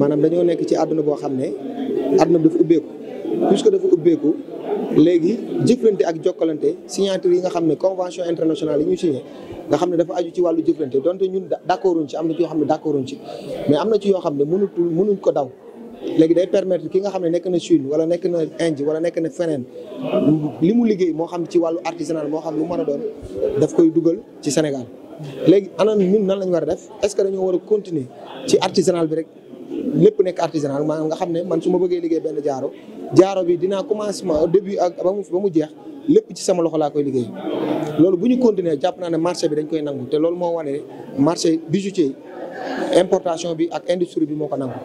maanaam dañoo nekk ci àdduna boo xam ne àdduna bi dafa ubbeeku que dafa ubbeeku léegi jëflante ak jokkalante signature yi nga xam ne convention internationale yi ñu signé nga xam ne dafa aju ci wàllu jëflante donte ñun d'accorduñ ci am na ci yoo xam ne d'accorduñ ci mais am na ci yoo xam ne mënutul mënuñ ko daw léegi day permettre ki nga xam ne nekk na Chine wala nekk na Inde wala nekk na feneen li mu liggéey moo xam ci wàllu artisanal moo xam lu mën a doon daf koy dugal ci Sénégal léegi ana ñun nan la ñu war a def est que dañoo war a continuer ci artisanal bi rek lépp nekk artisanal maanaam nga xam ne man su ma bëggee liggéey benn jaaro jaaro bi dinaa commencement début ak ba mu mu jeex lépp ci sama loxo laa koy liggéey loolu bu ñu continuer jàpp naa ne marché bi dañ koy nangu te loolu moo wane marché bijoutier importation bi ak industrie bi moo ko nangu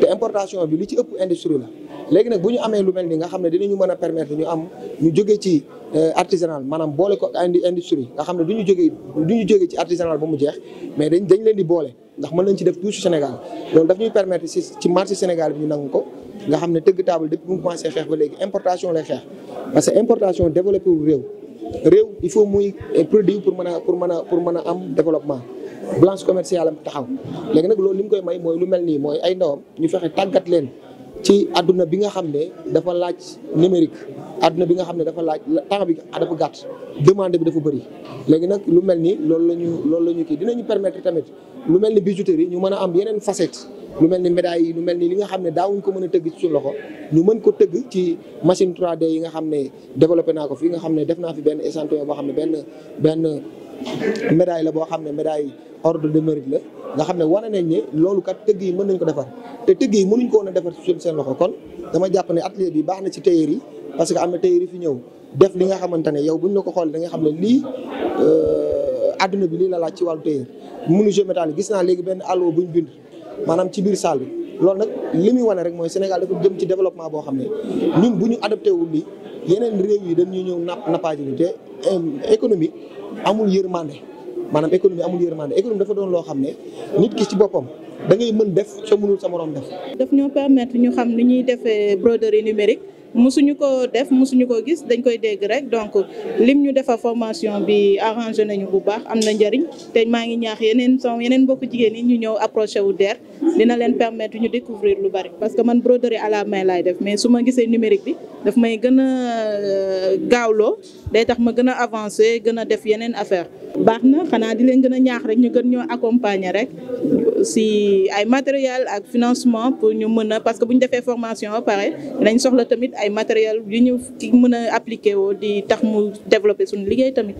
te importation bi li ci ëpp industrie la léegi nag bu ñu amee lu mel ni nga xam ne dinañu mën a permettre ñu am ñu jóge ci euh, artisanal maanaam boole ko indi industrie nga xam ne du ñu jógee du ñu jógee ci artisanal ba mu jeex mais dañ dañ leen di boole ndax mën nañ ci def tout Sénégal loolu daf ñuy permettre si ci marché Sénégal bi ñu nangu ko nga xam ne tëgg table depuis mu commencé xeex ba léegi importation lay xeex parce que importation développé wu réew réew il faut muy euh, produit pour mën a pour mën a pour mën a am développement branche commerciale am taxaw léegi nag loolu li mu koy may mooy lu mel nii mooy ay ndawam ñu fexe tàggat leen ci àdduna bi nga xam ne dafa laaj numérique àdduna bi nga xam ne dafa laaj temps bi dafa gàtt demande bi dafa bëri léegi nag lu mel ni loolu la ñu loolu la ñu kii dinañu permettre tamit lu mel ni bijouterie ñu mën a am yeneen facette lu mel ni médailles yi lu mel ni li nga xam ne daawuñ ko mën a tëgg ci suñu loxo ñu mën ko tëgg ci machine 3 yi nga xam ne développé naa ko fii nga xam ne def naa fi benn échantillon boo xam ne benn benn médaille la bo xamné médaille ordre de mérite la nga xamné wone nañ ni lolu kat teug yi mën nañ ko défar té teug yi mënuñ ko woon défar ci seen loxo kon dama japp né atelier bi baxna ci tailleur yi parce que am na tailleur yi fi ñew def li nga xamantane yow buñ lako xol da nga xamné li euh aduna bi li la la ci walu tailleur mënu jeu métallique gis na légui ben allo buñ bind manam ci bir salle lolu nak limi wone rek moy Sénégal dafa jëm ci développement bo xamné ñun buñu adapté wu li yeneen réew yi dañuy ñëw napp nappaaju ñu te économie amul yërmande maanaam économie amul yërmande économie dafa doon loo xam ne nit ki si boppam dangay mën def soo mënul sa moroom def. def ñoo permettre ñu xam ni ñuy defee broderie numérique. musuñu ko def musuñu ko gis dañ koy dégg rek donc lim ñu defar formation bi arrangé nañu bu baax am na njëriñ te maa ngi ñaax yeneen son yeneen mbokku jigéen ñu ñëw approché wu DER dina leen permettre ñu découvrir lu bari parce que man broderie à la main lay def mais su ma gisee numérique bi daf may gën a euh, gaawloo day tax ma gën a avancé gën a def yeneen affaire baax na xanaa di leen gën a ñaax rek ñu gën ñoo accompagner rek si ay matériel ak financement pour ñu mën a parce que bu ñu defee formation ba pare dañ soxla tamit ay matériel yu ñu ci mën a appliqué woo di tax mu développé suñu liggéey tamit